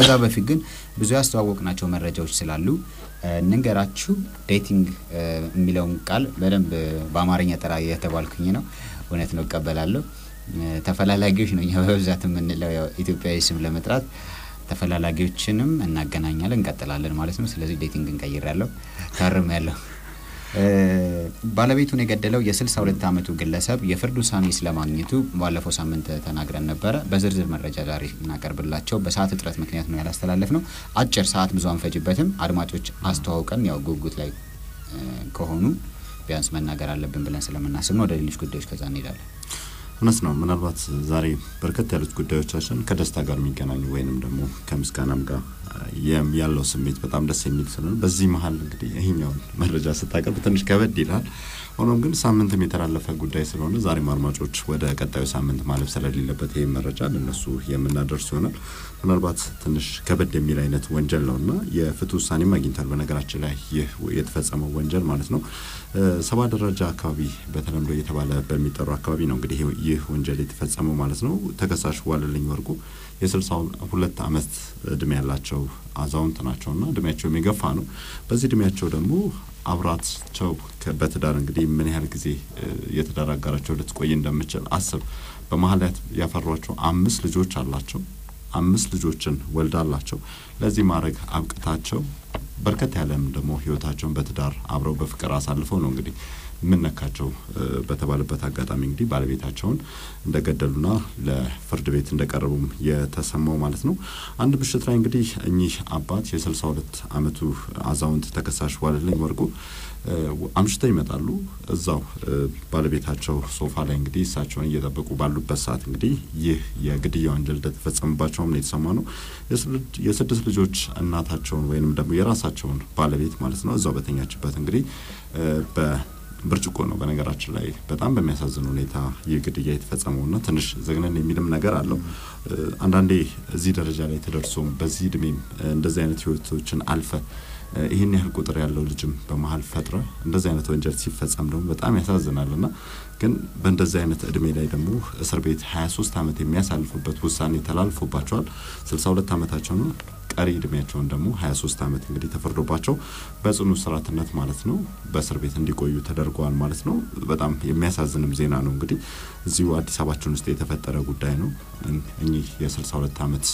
ከዛ በፊት ግን ብዙ ያስተዋወቅናቸው መረጃዎች ስላሉ እንንገራችሁ። ዴቲንግ የሚለውን ቃል በደንብ በአማርኛ ጠራ የተባልኩኝ ነው። እውነት ነው፣ እቀበላለሁ። ተፈላላጊዎች ነው እኛ በብዛት የምንለው ኢትዮጵያዊ ስም ለመጥራት ተፈላላጊዎችንም እናገናኛለን፣ እንቀጥላለን ማለት ነው። ስለዚህ ዴቲንግ እንቀይራለሁ። ታርም ያለው ባለቤቱን የገደለው የ62 ዓመቱ ግለሰብ የፍርድ ውሳኔ ስለማግኘቱ ባለፈው ሳምንት ተናግረን ነበረ። በዝርዝር መረጃ ዛሬ እናቀርብላቸው። በሰዓት እጥረት ምክንያት ነው ያላስተላለፍ ነው። አጭር ሰዓት ብዙ አንፈጅበትም። አድማጮች አስተዋውቀን ያው ጉጉት ላይ ከሆኑ ቢያንስ መናገር አለብን ብለን ስለምናስብ ነው። ወደ ሌሎች ጉዳዮች ከዛ እንሄዳለን። እውነት ነው። ምናልባት ዛሬ በርከት ያሉት ጉዳዮቻችን ከደስታ ጋር የሚገናኙ ወይንም ደግሞ ከምስጋናም ጋር ያለው ስሜት በጣም ደስ የሚል ስለሆነ በዚህ መሀል እንግዲህ ይህኛውን መረጃ ስታቀርብ ትንሽ ከበድ ይላል። ሆኖም ግን ሳምንትም የተላለፈ ጉዳይ ስለሆነ ዛሬም አድማጮች ወደ ቀጣዩ ሳምንት ማለፍ ስለሌለበት ይህም መረጃ ለእነሱ የምናደርስ ይሆናል። ምናልባት ትንሽ ከበድ የሚል አይነት ወንጀል ነው እና የፍት ውሳኔም አግኝቷል። በነገራችን ላይ ይህ የተፈጸመው ወንጀል ማለት ነው ሰባ ደረጃ አካባቢ በተለምዶ እየተባለ በሚጠሩ አካባቢ ነው እንግዲህ ይህ ወንጀል የተፈጸመው ማለት ነው። ተከሳሽ ዋለልኝ ወርቁ የስልሳ ሁለት አመት እድሜ ያላቸው አዛውንት ናቸው እና እድሜያቸው የሚገፋ ነው። በዚህ እድሜያቸው ደግሞ አብራቸው በትዳር እንግዲህ ምን ያህል ጊዜ የትዳር አጋራቸው ልትቆይ እንደምችል አስብ። በመሀል ያፈሯቸው አምስት ልጆች አላቸው። አምስት ልጆችን ወልዳላቸው ለዚህ ማድረግ አብቅታቸው በርከት ያለም ደግሞ ህይወታቸውን በትዳር አብረው በፍቅር አሳልፈው ነው እንግዲህ ምነካቸው በተባለበት አጋጣሚ እንግዲህ ባለቤታቸውን እንደገደሉና ለፍርድ ቤት እንደቀረቡም የተሰማው ማለት ነው። አንድ ምሽት ላይ እንግዲህ እኚህ አባት የስልሳ ሁለት አመቱ አዛውንት ተከሳሽ ዋለልኝ ወርቁ አምሽተው ይመጣሉ። እዛው ባለቤታቸው ሶፋ ላይ እንግዲህ እሳቸውን እየጠበቁ ባሉበት ሰዓት እንግዲህ ይህ የግድያ ወንጀል እንደተፈጸመባቸውም ነው የተሰማ ነው። የስድስት ልጆች እናታቸውን ወይንም ደግሞ የራሳቸውን ባለቤት ማለት ነው እዛው በተኛችበት እንግዲህ በ ብርጭቆ ነው። በነገራችን ላይ በጣም በሚያሳዝን ሁኔታ ይህ ግድያ ና ትንሽ ዘግነን የሚልም ነገር አለው። አንዳንዴ እዚህ ደረጃ ላይ ተደርሶም በዚህ እድሜም እንደዚህ አይነት ህይወቶችን አልፈ ይህን ያህል ቁጥር ያለው ልጅም በመሀል ፈጥረ እንደዚህ አይነት ወንጀል ሲፈጸም ደግሞ በጣም ያሳዝናል ና ግን በእንደዚህ አይነት እድሜ ላይ ደግሞ እስር ቤት 23 ዓመት የሚያሳልፉበት ውሳኔ ተላልፎባቸዋል። ሁለት አመታቸው ነው። ቀሪ እድሜያቸውን ደግሞ 23 ዓመት እንግዲህ ተፈርዶባቸው በጽኑ ስርዓትነት ማለት ነው በእስር ቤት እንዲቆዩ ተደርገዋል ማለት ነው። በጣም የሚያሳዝንም ዜና ነው። እንግዲህ እዚሁ አዲስ አበባችን ውስጥ የተፈጠረ ጉዳይ ነው። እኚህ የ62 ዓመት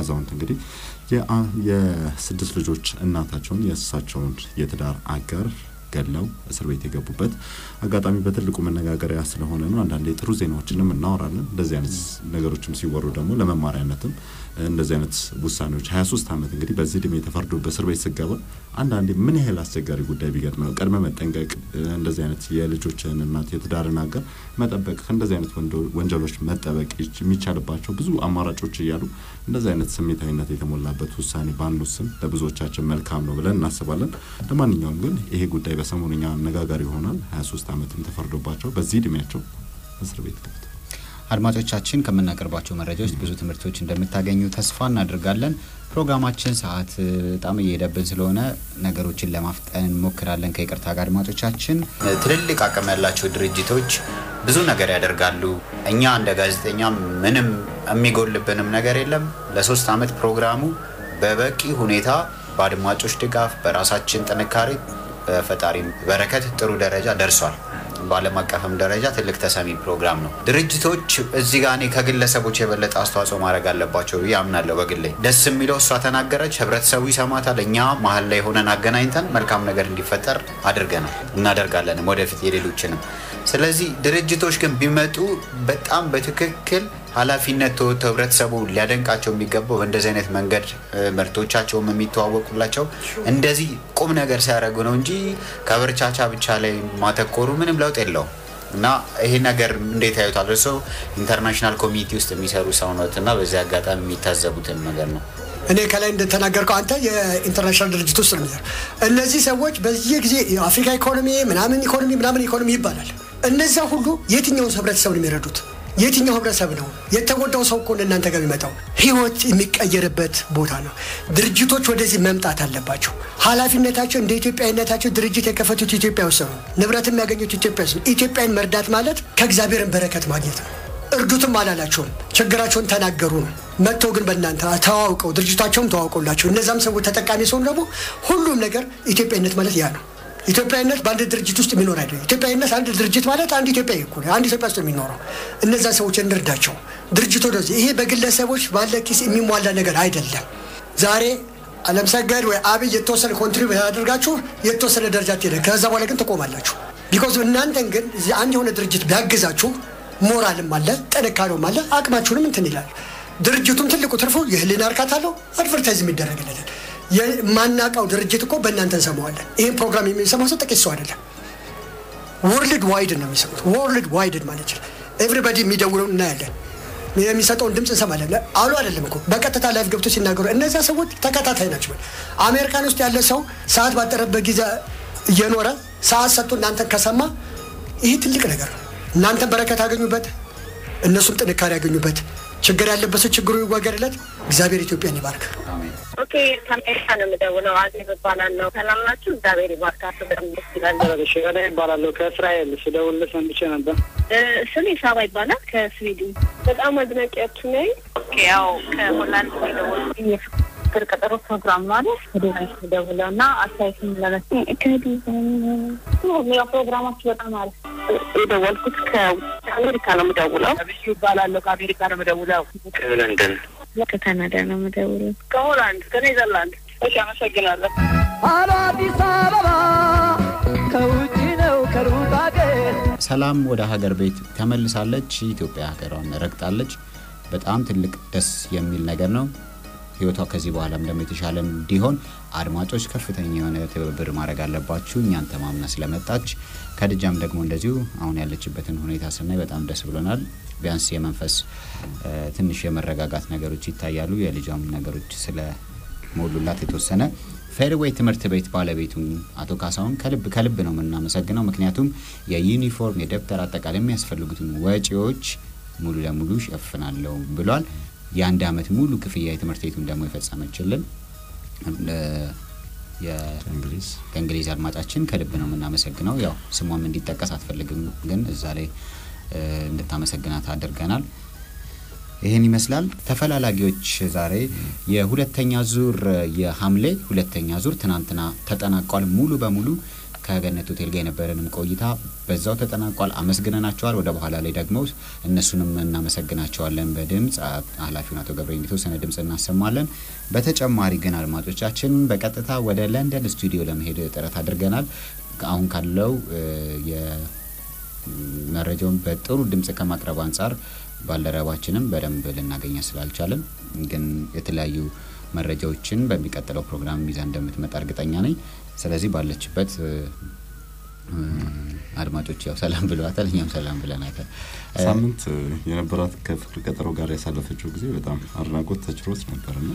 አዛውንት እንግዲህ የስድስት ልጆች እናታቸውን የእሳቸውን የትዳር አጋር ገለው እስር ቤት የገቡበት አጋጣሚ በትልቁ መነጋገሪያ ስለሆነ ነው። አንዳንዴ ጥሩ ዜናዎችንም እናወራለን። እንደዚህ አይነት ነገሮችም ሲወሩ ደግሞ ለመማሪያነትም እንደዚህ አይነት ውሳኔዎች 23 ዓመት እንግዲህ በዚህ እድሜ የተፈርዶ በእስር ቤት ስገባ አንዳንዴ ምን ያህል አስቸጋሪ ጉዳይ ቢገጥም ነው ቀድመ መጠንቀቅ እንደዚህ አይነት የልጆችን እናት የትዳርን አጋር መጠበቅ ከእንደዚህ አይነት ወንጀሎች መጠበቅ የሚቻልባቸው ብዙ አማራጮች እያሉ እንደዚህ አይነት ስሜታዊነት የተሞላበት ውሳኔ ስም ለብዙዎቻችን መልካም ነው ብለን እናስባለን። ለማንኛውም ግን ይሄ ጉዳይ እኛ አነጋጋሪ ይሆናል። 23 ዓመትም ተፈርዶባቸው በዚህ እድሜያቸው እስር ቤት ገብተዋል። አድማጮቻችን ከምናቀርባቸው መረጃዎች ብዙ ትምህርቶች እንደምታገኙ ተስፋ እናደርጋለን። ፕሮግራማችን ሰዓት በጣም እየሄደብን ስለሆነ ነገሮችን ለማፍጠን እንሞክራለን። ከይቅርታ ጋር አድማጮቻችን። ትልልቅ አቅም ያላቸው ድርጅቶች ብዙ ነገር ያደርጋሉ። እኛ እንደ ጋዜጠኛ ምንም የሚጎልብንም ነገር የለም። ለሶስት ዓመት ፕሮግራሙ በበቂ ሁኔታ በአድማጮች ድጋፍ በራሳችን ጥንካሬ በፈጣሪም በረከት ጥሩ ደረጃ ደርሷል። በዓለም አቀፍም ደረጃ ትልቅ ተሰሚ ፕሮግራም ነው። ድርጅቶች እዚህ ጋ እኔ ከግለሰቦች የበለጠ አስተዋጽኦ ማድረግ አለባቸው ብዬ አምናለሁ። በግሌ ደስ የሚለው እሷ ተናገረች፣ ህብረተሰቡ ይሰማታል። እኛ መሀል ላይ ሆነን አገናኝተን መልካም ነገር እንዲፈጠር አድርገናል፣ እናደርጋለንም ወደፊት የሌሎችንም። ስለዚህ ድርጅቶች ግን ቢመጡ በጣም በትክክል ኃላፊነት ህብረተሰቡ ሊያደንቃቸው የሚገባው በእንደዚህ አይነት መንገድ ምርቶቻቸውም የሚተዋወቁላቸው እንደዚህ ቁም ነገር ሲያደርጉ ነው እንጂ ከብርቻቻ ብቻ ላይ ማተኮሩ ምንም ለውጥ የለውም። እና ይሄ ነገር እንዴት ያዩታል? ሰው ኢንተርናሽናል ኮሚኒቲ ውስጥ የሚሰሩ ሰውነት እና በዚህ አጋጣሚ የሚታዘቡትን ነገር ነው። እኔ ከላይ እንደተናገርከው አንተ የኢንተርናሽናል ድርጅት ውስጥ ነው እነዚህ ሰዎች በዚህ ጊዜ የአፍሪካ ኢኮኖሚ ምናምን ኢኮኖሚ ምናምን ኢኮኖሚ ይባላል። እነዚያ ሁሉ የትኛውን ህብረተሰብ ነው የሚረዱት? የትኛው ህብረተሰብ ነው የተጎዳው? ሰው እኮ እናንተ ጋር የሚመጣው ህይወት የሚቀየርበት ቦታ ነው። ድርጅቶች ወደዚህ መምጣት አለባቸው። ኃላፊነታቸው እንደ ኢትዮጵያዊነታቸው ድርጅት የከፈቱት ኢትዮጵያ ውስጥ ነው። ንብረት የሚያገኙት ኢትዮጵያ ውስጥ ኢትዮጵያን መርዳት ማለት ከእግዚአብሔርን በረከት ማግኘት ነው። እርዱትም አላላቸውም። ችግራቸውን ተናገሩ ነው። መጥቶ ግን በእናንተ ተዋውቀው ድርጅታቸውም ተዋውቀውላቸው እነዛም ሰዎች ተጠቃሚ ሰውን ደግሞ ሁሉም ነገር ኢትዮጵያዊነት ማለት ያ ነው። ኢትዮጵያዊነት በአንድ ድርጅት ውስጥ የሚኖር አይደለም። ኢትዮጵያዊነት አንድ ድርጅት ማለት አንድ ኢትዮጵያዊ እኮ አንድ ኢትዮጵያ ውስጥ የሚኖረው እነዛ ሰዎች እንርዳቸው። ድርጅቱ ወደዚህ ይሄ በግለሰቦች ባለ ኪስ የሚሟላ ነገር አይደለም። ዛሬ አለምሰገድ ወይ አብይ የተወሰነ ኮንትሪቢዩት ያደርጋችሁ የተወሰነ ደረጃ ትሄደ፣ ከዛ በኋላ ግን ትቆማላችሁ። ቢኮዝ እናንተን ግን እዚህ አንድ የሆነ ድርጅት ቢያግዛችሁ ሞራልም አለ፣ ጥንካሬውም አለ፣ አቅማችሁንም እንትን ይላል። ድርጅቱም ትልቁ ትርፉ የህሊና እርካታ አለው። አድቨርታይዝ የሚደረግለታል የማናቀው ድርጅት እኮ በእናንተ እንሰማዋለን። ይህን ፕሮግራም የሚሰማው ሰው ጥቂት ሰው አይደለም። ወርልድ ዋይድ ነው የሚሰሙት። ወርልድ ዋይድ ማለት ይችላል። ኤቭሪባዲ የሚደውለው እናያለን፣ የሚሰጠውን ድምፅ እንሰማለን። አሉ አይደለም እኮ በቀጥታ ላይፍ ገብቶ ሲናገሩ እነዚያ ሰዎች ተከታታይ ናቸው። አሜሪካን ውስጥ ያለ ሰው ሰዓት ባጠረበት ጊዜ እየኖረ ሰዓት ሰጥቶ እናንተን ከሰማ ይህ ትልቅ ነገር ነው። እናንተን በረከት አገኙበት፣ እነሱም ጥንካሬ ያገኙበት፣ ችግር ያለበት ሰው ችግሩ ይወገድለት። እግዚአብሔር ኢትዮጵያን ይባርክ። ኦኬ ከአሜሪካ ነው የምደውለው። አዜብ እባላለሁ። ሰላም ናችሁ? እግዚአብሔር ይባርካችሁ። ደስ ይላል። ላ ይባላለሁ። ከእስራኤል ስደውልልህ ሰምቼ ነበር። ስሜ ሳባ ይባላል። ከስዊድን በጣም አድናቂያችሁ ነኝ። ያው ከሆላንድ ቀጠሮ ፕሮግራም እና ለመስ ከዲ ፕሮግራማችሁ በጣም አሪፍ የደወልኩት ከአሜሪካ ነው የምደውለው። ከአሜሪካ ነው የምደውለው ከለንደን ከካናዳ ነው የምደውለው። ከሆላንድ ከኔዘርላንድ። እሺ አመሰግናለሁ። አዲስ አበባ ከውጭ ነው ከሩቅ አገር። ሰላም ወደ ሀገር ቤት ተመልሳለች። ኢትዮጵያ ሀገሯን ረግጣለች። በጣም ትልቅ ደስ የሚል ነገር ነው። ህይወቷ ከዚህ በኋላም ደግሞ የተሻለ እንዲሆን አድማጮች ከፍተኛ የሆነ ትብብር ማድረግ አለባችሁ። እኛን ተማምና ስለመጣች ከድጃም ደግሞ እንደዚሁ አሁን ያለችበትን ሁኔታ ስናይ በጣም ደስ ብሎናል። ቢያንስ የመንፈስ ትንሽ የመረጋጋት ነገሮች ይታያሉ። የልጇም ነገሮች ስለ ሞሉላት የተወሰነ ፌርዌይ ትምህርት ቤት ባለቤቱ አቶ ካሳውን ከልብ ከልብ ነው የምናመሰግነው። ምክንያቱም የዩኒፎርም የደብተር አጠቃላይ የሚያስፈልጉትን ወጪዎች ሙሉ ለሙሉ ሸፍናለው ብሏል። የአንድ አመት ሙሉ ክፍያ የትምህርት ቤቱን ደግሞ የፈጸመችልን የእንግሊዝ አድማጫችን ከልብ ነው የምናመሰግነው። ያው ስሟም እንዲጠቀስ አትፈልግም፣ ግን እዛ ላይ እንድታመሰግናት አድርገናል። ይህን ይመስላል ተፈላላጊዎች። ዛሬ የሁለተኛ ዙር የሐምሌ ሁለተኛ ዙር ትናንትና ተጠናቋል ሙሉ በሙሉ ከገነት ሆቴል ጋር የነበረንም ቆይታ በዛው ተጠናቋል። አመስግነናቸዋል። ወደ በኋላ ላይ ደግሞ እነሱንም እናመሰግናቸዋለን። በድምፅ ኃላፊውን አቶ ገብረኝ የተወሰነ ድምፅ እናሰማለን። በተጨማሪ ግን አድማጮቻችን በቀጥታ ወደ ለንደን ስቱዲዮ ለመሄድ ጥረት አድርገናል። አሁን ካለው የመረጃውን በጥሩ ድምፅ ከማቅረብ አንጻር ባልደረባችንም በደንብ ልናገኛ ስላልቻለን ግን የተለያዩ መረጃዎችን በሚቀጥለው ፕሮግራም ይዛ እንደምትመጣ እርግጠኛ ነኝ። ስለዚህ ባለችበት አድማጮች ያው ሰላም ብለዋታል፣ እኛም ሰላም ብለናታል። ሳምንት የነበራት ከፍቅር ቀጠሮ ጋር ያሳለፈችው ጊዜ በጣም አድናቆት ተችሮት ነበር ና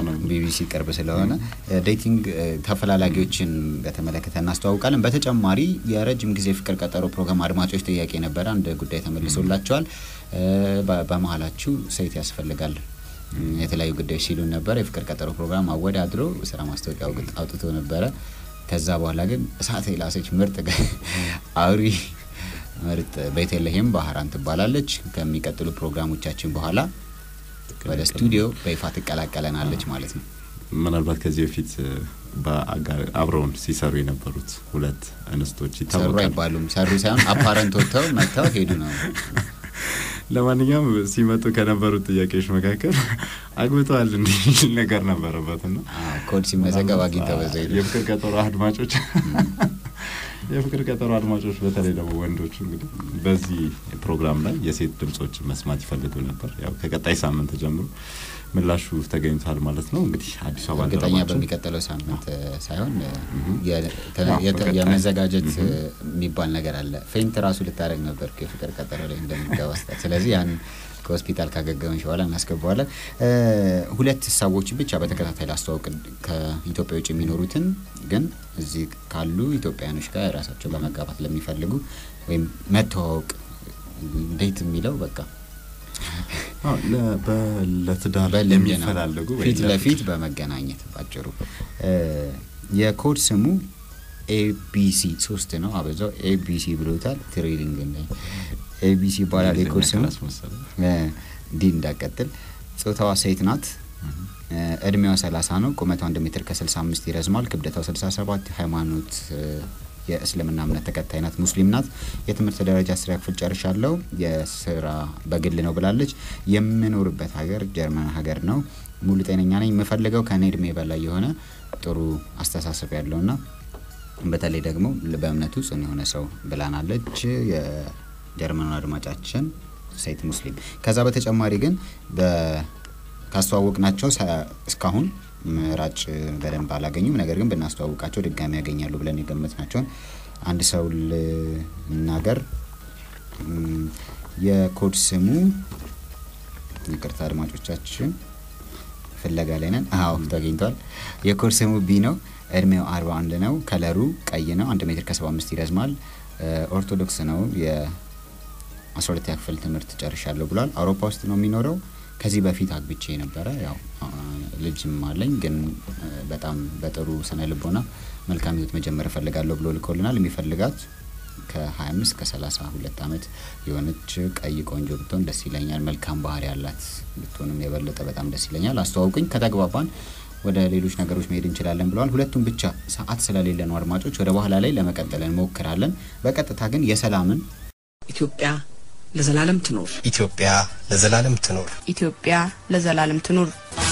እነ ቢቢሲ ቅርብ ስለሆነ ዴቲንግ ተፈላላጊዎችን በተመለከተ እናስተዋውቃለን። በተጨማሪ የረጅም ጊዜ ፍቅር ቀጠሮ ፕሮግራም አድማጮች ጥያቄ ነበረ፣ አንድ ጉዳይ ተመልሶላቸዋል። በመሀላችሁ ሴት ያስፈልጋል የተለያዩ ጉዳዮች ሲሉ ነበረ የፍቅር ቀጠሮ ፕሮግራም አወዳድሮ ስራ ማስታወቂያ አውጥቶ ነበረ። ከዛ በኋላ ግን እሳት ላሰች ምርጥ አውሪ ምርጥ ቤተልሔም ባህራን ትባላለች። ከሚቀጥሉ ፕሮግራሞቻችን በኋላ ወደ ስቱዲዮ በይፋ ትቀላቀለናለች ማለት ነው። ምናልባት ከዚህ በፊት አብረውን ሲሰሩ የነበሩት ሁለት እንስቶች ይታወቃሉ። ሰሩ አይባሉም። ሰሩ ሳይሆን አፓረንት ወጥተው መጥተው ሄዱ ነው ለማንኛውም ሲመጡ ከነበሩት ጥያቄዎች መካከል አግብተዋል እንዲል ነገር ነበረበት ና ኮድ ሲመዘገብ አግኝተህ በዘ የፍቅር ቀጠሮ አድማጮች የፍቅር ቀጠሮ አድማጮች፣ በተለይ ደግሞ ወንዶች እንግዲህ በዚህ ፕሮግራም ላይ የሴት ድምጾችን መስማት ይፈልጉ ነበር። ያው ከቀጣይ ሳምንት ጀምሮ ምላሹ ተገኝቷል ማለት ነው። እንግዲህ አዲስ አበባ ገጠኛ በሚቀጥለው ሳምንት ሳይሆን የመዘጋጀት የሚባል ነገር አለ። ፌንት ራሱ ልታደረግ ነበር የፍቅር ቀጠሮ ላይ እንደሚገባ ስለዚህ ያን ከሆስፒታል ካገገመች በኋላ እናስገባዋለን። ሁለት ሰዎች ብቻ በተከታታይ ላስተዋውቅ። ከኢትዮጵያ ውጭ የሚኖሩትን ግን እዚህ ካሉ ኢትዮጵያውያኖች ጋር የራሳቸው ለመጋባት ለሚፈልጉ ወይም መተዋወቅ እንዴት የሚለው በቃ ለትዳር የሚፈላለጉ ፊት ለፊት በመገናኘት ባጭሩ የኮድ ስሙ ኤቢሲ ሶስት ነው አበዛው ኤቢሲ ብሎታል። ትሬዲንግ ኤቢሲ ይባላል። የኮርስ ነው። እንዲህ እንዳቀጥል ጾታዋ ሴት ናት። እድሜዋ 30 ነው። ቁመቷ አንድ ሜትር ከ65 ይረዝማል። ክብደቷ 67። ሃይማኖት የእስልምና እምነት ተከታይ ናት። ሙስሊም ናት። የትምህርት ደረጃ ስራ ክፍል ጨርሻለሁ። የስራ በግል ነው ብላለች። የምኖርበት ሀገር ጀርመን ሀገር ነው። ሙሉ ጤነኛ ነኝ። የምፈልገው ከእኔ እድሜ በላይ የሆነ ጥሩ አስተሳሰብ ያለውና በተለይ ደግሞ በእምነቱ ጽኑ የሆነ ሰው ብላናለች የጀርመኑ አድማጫችን ሴት ሙስሊም። ከዛ በተጨማሪ ግን ናቸው እስካሁን ምራጭ በደንብ አላገኙም። ነገር ግን ብናስተዋውቃቸው ድጋሚ ያገኛሉ ብለን ናቸውን አንድ ሰው ልናገር። የኮድ ስሙ ይቅርታ አድማጮቻችን ፍለጋ ላይ ነን። አዎ ተገኝቷል። የኮድ ስሙ ቢ ነው። እድሜው 41 ነው። ከለሩ ቀይ ነው። 1 ሜትር ከ75 ይረዝማል። ኦርቶዶክስ ነው። የ12 ክፍል ትምህርት ጨርሻለሁ ብሏል። አውሮፓ ውስጥ ነው የሚኖረው። ከዚህ በፊት አግብቼ ነበረ። ያው ልጅም አለኝ፣ ግን በጣም በጥሩ ስነ ልቦና መልካም ህይወት መጀመር እፈልጋለሁ ብሎ ልኮልናል። የሚፈልጋት ከ25 ከ32 ዓመት የሆነች ቀይ ቆንጆ ብትሆን ደስ ይለኛል። መልካም ባህሪ ያላት ብትሆንም የበለጠ በጣም ደስ ይለኛል። አስተዋውቅኝ ከተግባባን ወደ ሌሎች ነገሮች መሄድ እንችላለን ብለዋል። ሁለቱም ብቻ ሰዓት ስለሌለ ነው አድማጮች፣ ወደ በኋላ ላይ ለመቀጠል እንሞክራለን። በቀጥታ ግን የሰላምን ኢትዮጵያ ለዘላለም ትኖር፣ ኢትዮጵያ ለዘላለም ትኖር፣ ኢትዮጵያ ለዘላለም ትኖር።